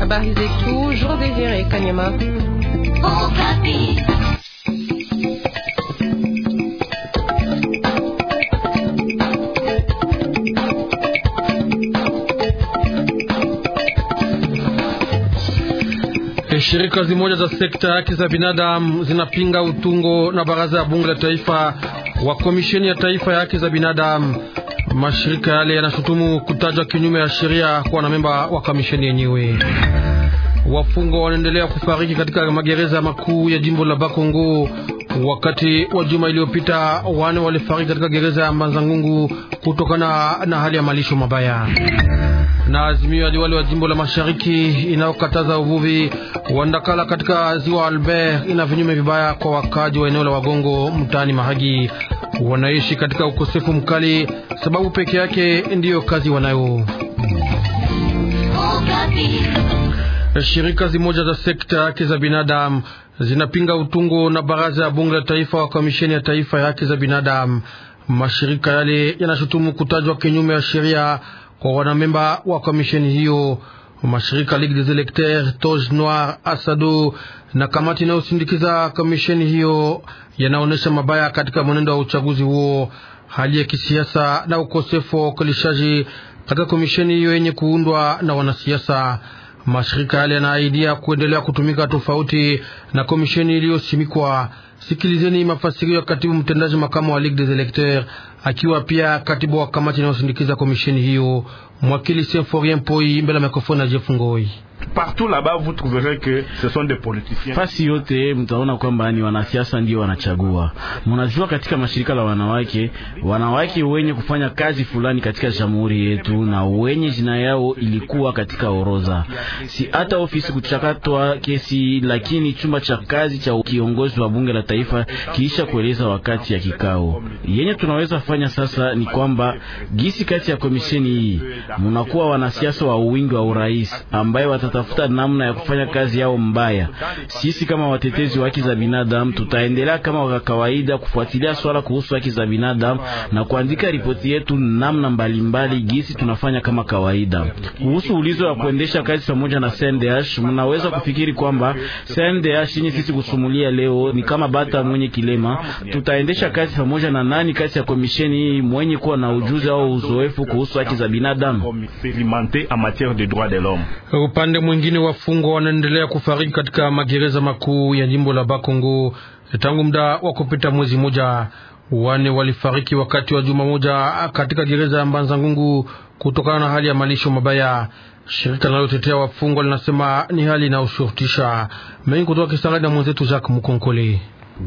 Habari zetu Jean Kanyama. Shirika zimoja za sekta ya haki za binadamu zinapinga utungo na baraza ya bunge la taifa wa komisheni ya taifa ya haki za binadamu. Mashirika yale yanashutumu kutajwa kinyume ya sheria kuwa na memba wa komisheni yenyewe. Wafungwa wanaendelea kufariki katika magereza makuu ya jimbo la Bakongo Wakati wa juma iliyopita wane walifariki katika gereza ya Mazangungu kutokana na hali ya malisho mabaya. Na azimio aliwali wa jimbo la mashariki inayokataza uvuvi wa ndakala katika ziwa Albert ina vinyume vibaya kwa wakaji wa eneo la Wagongo mtaani Mahagi, wanaishi katika ukosefu mkali, sababu peke yake ndiyo kazi wanayo. Oh, Shirika zimoja za sekta haki za binadamu zinapinga utungo na baraza ya bunge la taifa wa kamisheni ya taifa ya haki za binadamu. Mashirika yale yanashutumu kutajwa kinyume ya sheria kwa wanamemba wa kamisheni hiyo. Mashirika Ligue des Electeurs, Toge Noir, Asado na kamati inayosindikiza kamisheni hiyo yanaonyesha mabaya katika mwenendo wa uchaguzi huo, hali ya kisiasa na ukosefu wa ukilishaji katika komisheni hiyo yenye kuundwa na wanasiasa. Mashirika yale yanaaidia kuendelea kutumika tofauti na komisheni iliyosimikwa. Sikilizeni mafasirio ya katibu mtendaji makamu wa Ligue des Electeurs, akiwa pia katibu wa kamati inayosindikiza komisheni hiyo, mwakili Symphorien Poi mbele ya mikrofoni ya Jeff Ngoi partout là-bas vous trouverez que ce sont des politiciens. Fasi yote mtaona kwamba ni wanasiasa ndio wanachagua. Mnajua katika mashirika la wanawake, wanawake wenye kufanya kazi fulani katika jamhuri yetu na wenye jina yao ilikuwa katika oroza. Si hata ofisi kuchakatwa kesi, lakini chumba cha kazi cha kiongozi wa bunge la taifa kiisha kueleza wakati ya kikao. Yenye tunaweza fanya sasa ni kwamba gisi kati ya komisheni hii mnakuwa wanasiasa wa uwingi wa urais ambaye watata kutafuta namna ya kufanya kazi yao mbaya. Sisi kama watetezi wa haki za binadamu tutaendelea kama wa kawaida kufuatilia swala kuhusu haki za binadamu na kuandika ripoti yetu namna mbalimbali mbali, gisi tunafanya kama kawaida. Kuhusu ulizo wa kuendesha kazi pamoja na CNDH, mnaweza kufikiri kwamba CNDH yenye sisi kusumulia leo ni kama bata mwenye kilema. Tutaendesha kazi pamoja na nani Kazi ya komisheni hii mwenye kuwa na ujuzi au uzoefu kuhusu haki za binadamu? Upande mwingine wafungwa wanaendelea kufariki katika magereza makuu ya jimbo la Bakongo tangu muda wa kupita mwezi mmoja. Wane walifariki wakati wa juma moja katika gereza ya Mbanza Ngungu kutokana na hali ya malisho mabaya. Shirika linalotetea wafungwa linasema ni hali inayoshurutisha mengi kutoka Kisangani na mwenzetu Jacques Mukonkole.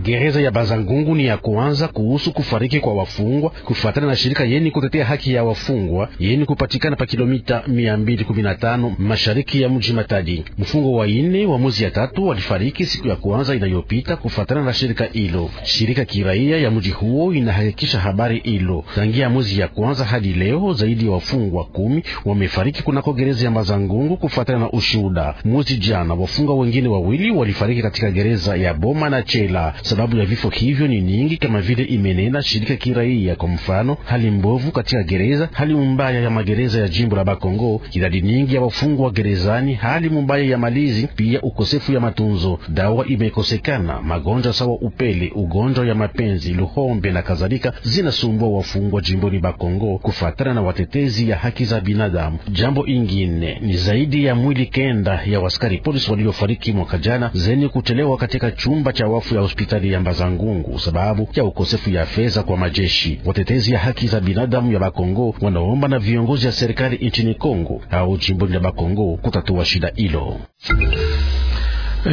Gereza ya Bazangungu ni ya kuanza kuhusu kufariki kwa wafungwa kufuatana na shirika yeni kutetea haki ya wafungwa yeni kupatikana pa kilomita 215 mashariki ya mji Matadi. Mfungo wa ine wa mwezi ya tatu walifariki siku ya kwanza inayopita kufuatana na shirika hilo. Shirika kiraia ya mji huo inahakikisha habari hilo. Tangia mwezi ya kwanza hadi leo zaidi ya wafungwa kumi wamefariki kunako gereza ya Bazangungu kufuatana na ushuhuda. Mwezi jana wafungwa wengine wawili walifariki katika gereza ya Boma na Chela. Sababu ya vifo hivyo ni nyingi, kama vile imenena shirika kiraia. Kwa mfano, hali mbovu katika gereza, hali mbaya ya magereza ya jimbo la Bakongo, idadi nyingi ya wafungwa gerezani, hali mbaya ya malizi, pia ukosefu ya matunzo, dawa imekosekana, magonjwa sawa upele, ugonjwa ya mapenzi, luhombe na kadhalika zinasumbua wafungwa jimboni Bakongo, kufuatana na watetezi ya haki za binadamu. Jambo ingine ni zaidi ya mwili kenda ya waskari polisi waliofariki mwaka jana zenye kutelewa katika chumba cha wafu ya hospitali hospitali ya Mbazangungu sababu ya ukosefu ya fedha kwa majeshi. Watetezi ya haki za binadamu ya Bakongo wanaomba na viongozi ya serikali nchini Kongo au jimboni la Bakongo kutatua shida hilo.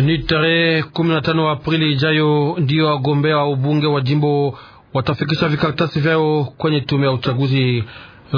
Ni tarehe 15 Aprili ijayo ndiyo wagombea wa ubunge wa jimbo watafikisha vikaratasi vyao kwenye tume ya uchaguzi.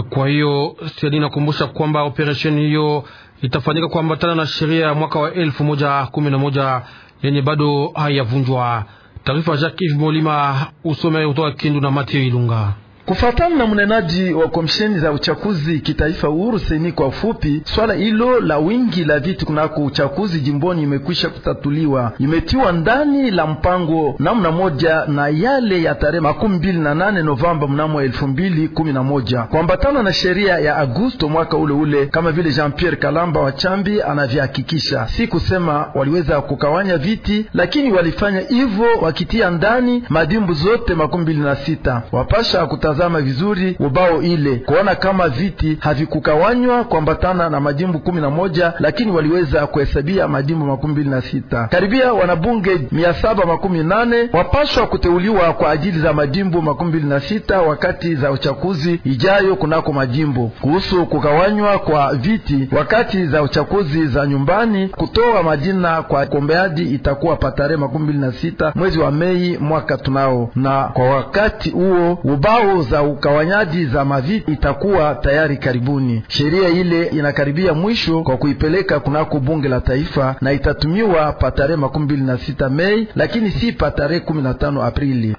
Kwa hiyo seni inakumbusha kwamba operesheni hiyo itafanyika kuambatana na sheria ya mwaka wa elfu moja kumi na moja yenye bado haiyavunjwa. Taarifa Jacques Yves Molima, usome kutoka Kindu na Mathieu Ilunga. Kufatana na mnenaji wa komisheni za uchaguzi kitaifa uhuru seni, kwa ufupi, swala hilo la wingi la viti kunako uchaguzi jimboni imekwisha kutatuliwa, imetiwa ndani la mpango namna moja na yale ya tarehe makumi mbili na nane Novemba mnamo elfu mbili kumi na moja kuambatana na sheria ya agusto mwaka ule ule, kama vile Jean Pierre Kalamba wa Chambi anavyohakikisha. Si kusema waliweza kukawanya viti, lakini walifanya hivyo wakitia ndani madimbu zote makumi mbili na sita wapasha kuta kutazama vizuri ubao ile kuona kama viti havikugawanywa kuambatana na majimbo kumi na moja, lakini waliweza kuhesabia majimbo makumi mbili na sita. Karibia wanabunge mia saba makumi nane wapashwa kuteuliwa kwa ajili za majimbo makumi mbili na sita wakati za uchaguzi ijayo kunako majimbo. Kuhusu kugawanywa kwa viti wakati za uchaguzi za nyumbani, kutoa majina kwa kombeaji itakuwa patare makumi mbili na sita mwezi wa Mei mwaka tunao, na kwa wakati huo ubao za ukawanyaji za mavita itakuwa tayari karibuni. Sheria ile inakaribia mwisho kwa kuipeleka kunako bunge la taifa na itatumiwa patare makumi mbili na sita Mei, lakini si patare kumi na tano Aprili.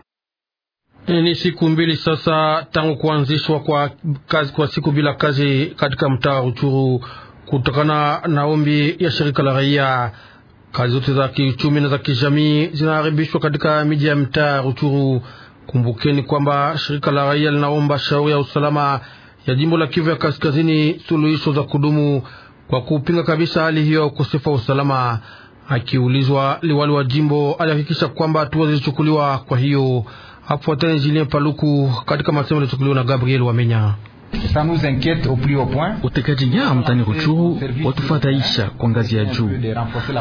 Ni siku mbili sasa tangu kuanzishwa kwa, kazi, kwa siku bila kazi katika mtaa Ruchuru kutokana na ombi ya shirika la raia. Kazi zote za kiuchumi na za kijamii zinaharibishwa katika miji ya mtaa Ruchuru. Kumbukeni kwamba shirika la raia linaomba shauri ya usalama ya jimbo la Kivu ya Kaskazini suluhisho za kudumu kwa kupinga kabisa hali hiyo ya ukosefu wa usalama. Akiulizwa, liwali wa jimbo alihakikisha kwamba hatua zilichukuliwa. Kwa hiyo hafuatani Julien Paluku katika masemo yaliyochukuliwa na Gabriel Wamenya. Utekaji nyara mtani Ruchuru watufadhaisha kwa ngazi ya juu.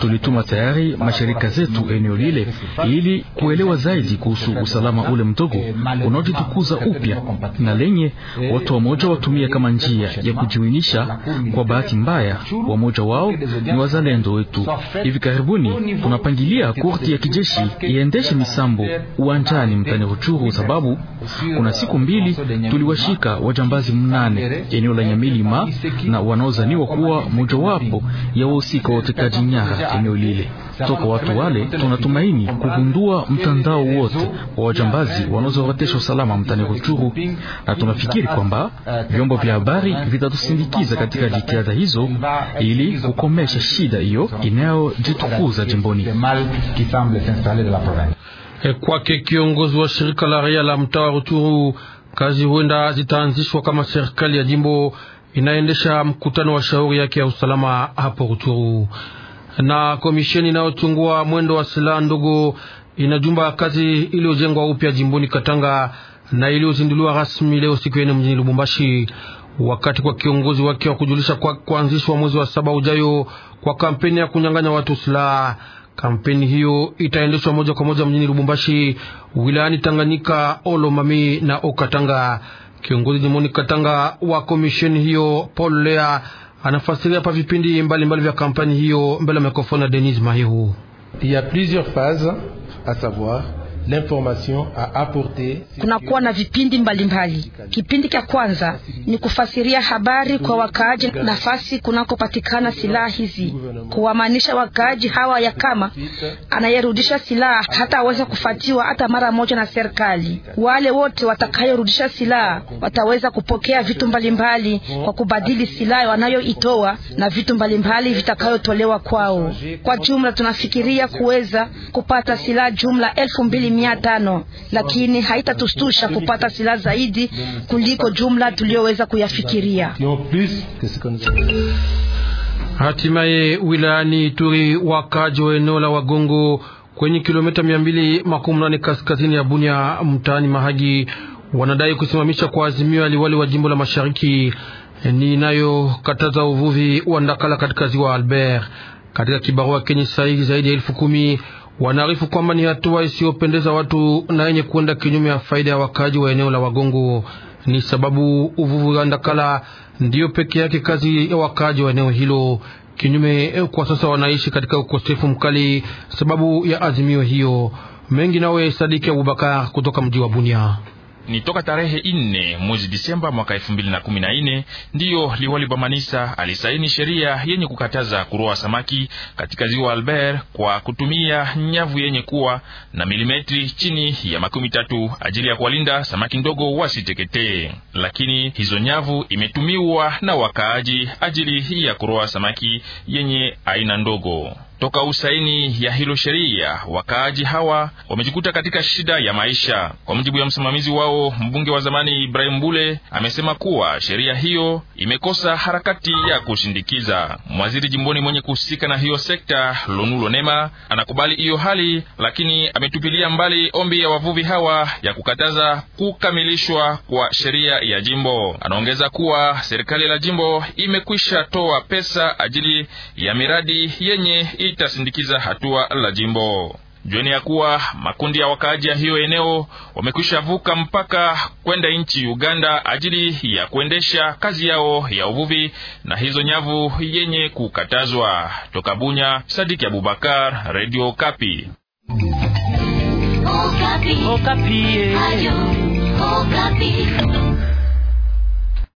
Tulituma tayari mashirika zetu eneo lile ili kuelewa zaidi kuhusu usalama ule mdogo unaojitukuza upya na lenye watu wamoja watumia kama njia ya kujiwinisha. Kwa bahati mbaya, wamoja wao ni wazalendo wetu. Hivi karibuni tunapangilia korti ya kijeshi iendeshe misambo uwanjani mtani Ruchuru, sababu kuna siku mbili tuliwashika wajambazi mnane eneo la Nyamilima na wanaozaniwa kuwa mojawapo ya wahusika wa utekaji nyara eneo lile. Toka watu wale tunatumaini kugundua mtandao wote wa wajambazi wanaozorotesha usalama mtani Ruchuru, na tunafikiri kwamba vyombo vya habari vitatusindikiza katika jitihada hizo ili kukomesha shida hiyo inayojitukuza jimboni kwake. Kiongozi wa shirika la raia la mtaa wa Ruchuru Kazi huenda zitaanzishwa kama serikali ya jimbo inaendesha mkutano wa shauri yake ya usalama hapo Ruchuru. Na komisheni inayochungua mwendo wa silaha ndogo inajumba kazi iliyojengwa upya jimboni Katanga na iliyozinduliwa rasmi leo siku yene mjini Lubumbashi, wakati kwa kiongozi wake wa kujulisha kwa kuanzishwa mwezi wa saba ujayo kwa kampeni ya kunyang'anya watu silaha. Kampeni hiyo itaendeshwa moja kwa moja mjini Lubumbashi, wilayani Tanganyika, Olomami na Okatanga. Kiongozi jimoni Katanga wa komisheni hiyo Paul Lea anafasiria pa vipindi mbalimbali mbali vya kampeni hiyo mbele ya mikrofoni ya Denis Mahihu. Il y a plusieurs phases à savoir kunakuwa na vipindi mbalimbali mbali. Kipindi cha kwanza ni kufasiria habari kwa wakaaji nafasi kunakopatikana silaha hizi, kuwamaanisha wakaaji hawa ya kama anayerudisha silaha hata aweza kufatiwa hata mara moja na serikali. Wale wote watakayorudisha silaha wataweza kupokea vitu mbalimbali mbali kwa kubadili silaha wanayoitoa na vitu mbalimbali vitakayotolewa kwao. Kwa jumla tunafikiria kuweza kupata silaha jumla elfu mbili mia tano, lakini haitatustusha kupata silaha zaidi kuliko jumla tuliyoweza kuyafikiria. Hatimaye wilayani Ituri, wakaji wa eneo la Wagongo kwenye kilomita mia mbili makumi nane kaskazini ya Bunya mtaani Mahagi wanadai kusimamisha kwa azimio aliwali wa jimbo la mashariki ni nayo kataza uvuvi wa ndakala katika ziwa Albert. Katika kibarua kenye sahihi zaidi ya elfu kumi wanaarifu kwamba ni hatua isiyopendeza watu na yenye kwenda kinyume ya faida ya wakaaji wa eneo la Wagongo. Ni sababu uvuvi wa ndakala ndiyo peke yake kazi ya wakaaji wa eneo hilo. Kinyume eh, kwa sasa wanaishi katika ukosefu mkali sababu ya azimio hiyo. Mengi nawe Sadiki Abubakar kutoka mji wa Bunia ni toka tarehe nne mwezi Disemba mwaka elfu mbili na kumi na nne ndiyo liwali Bamanisa alisaini sheria yenye kukataza kuroa samaki katika ziwa Albert kwa kutumia nyavu yenye kuwa na milimetri chini ya makumi tatu ajili ya kuwalinda samaki ndogo wasiteketee. Lakini hizo nyavu imetumiwa na wakaaji ajili ya kuroa samaki yenye aina ndogo toka usaini ya hilo sheria, wakaaji hawa wamejikuta katika shida ya maisha. Kwa mujibu ya msimamizi wao, mbunge wa zamani Ibrahim Bule amesema kuwa sheria hiyo imekosa harakati ya kushindikiza. Mwaziri jimboni mwenye kuhusika na hiyo sekta Lonu Lonema anakubali hiyo hali, lakini ametupilia mbali ombi ya wavuvi hawa ya kukataza kukamilishwa kwa sheria ya jimbo. Anaongeza kuwa serikali la jimbo imekwisha toa pesa ajili ya miradi yenye itasindikiza hatua la jimbo. Jueni ya kuwa makundi ya wakaaji ya hiyo eneo wamekwisha vuka mpaka kwenda nchi Uganda ajili ya kuendesha kazi yao ya uvuvi na hizo nyavu yenye kukatazwa. Toka Bunya, Sadiki Abubakar, Radio Okapi. Okapi. Oh, Okapi. Oh, Ayo, Okapi. Oh,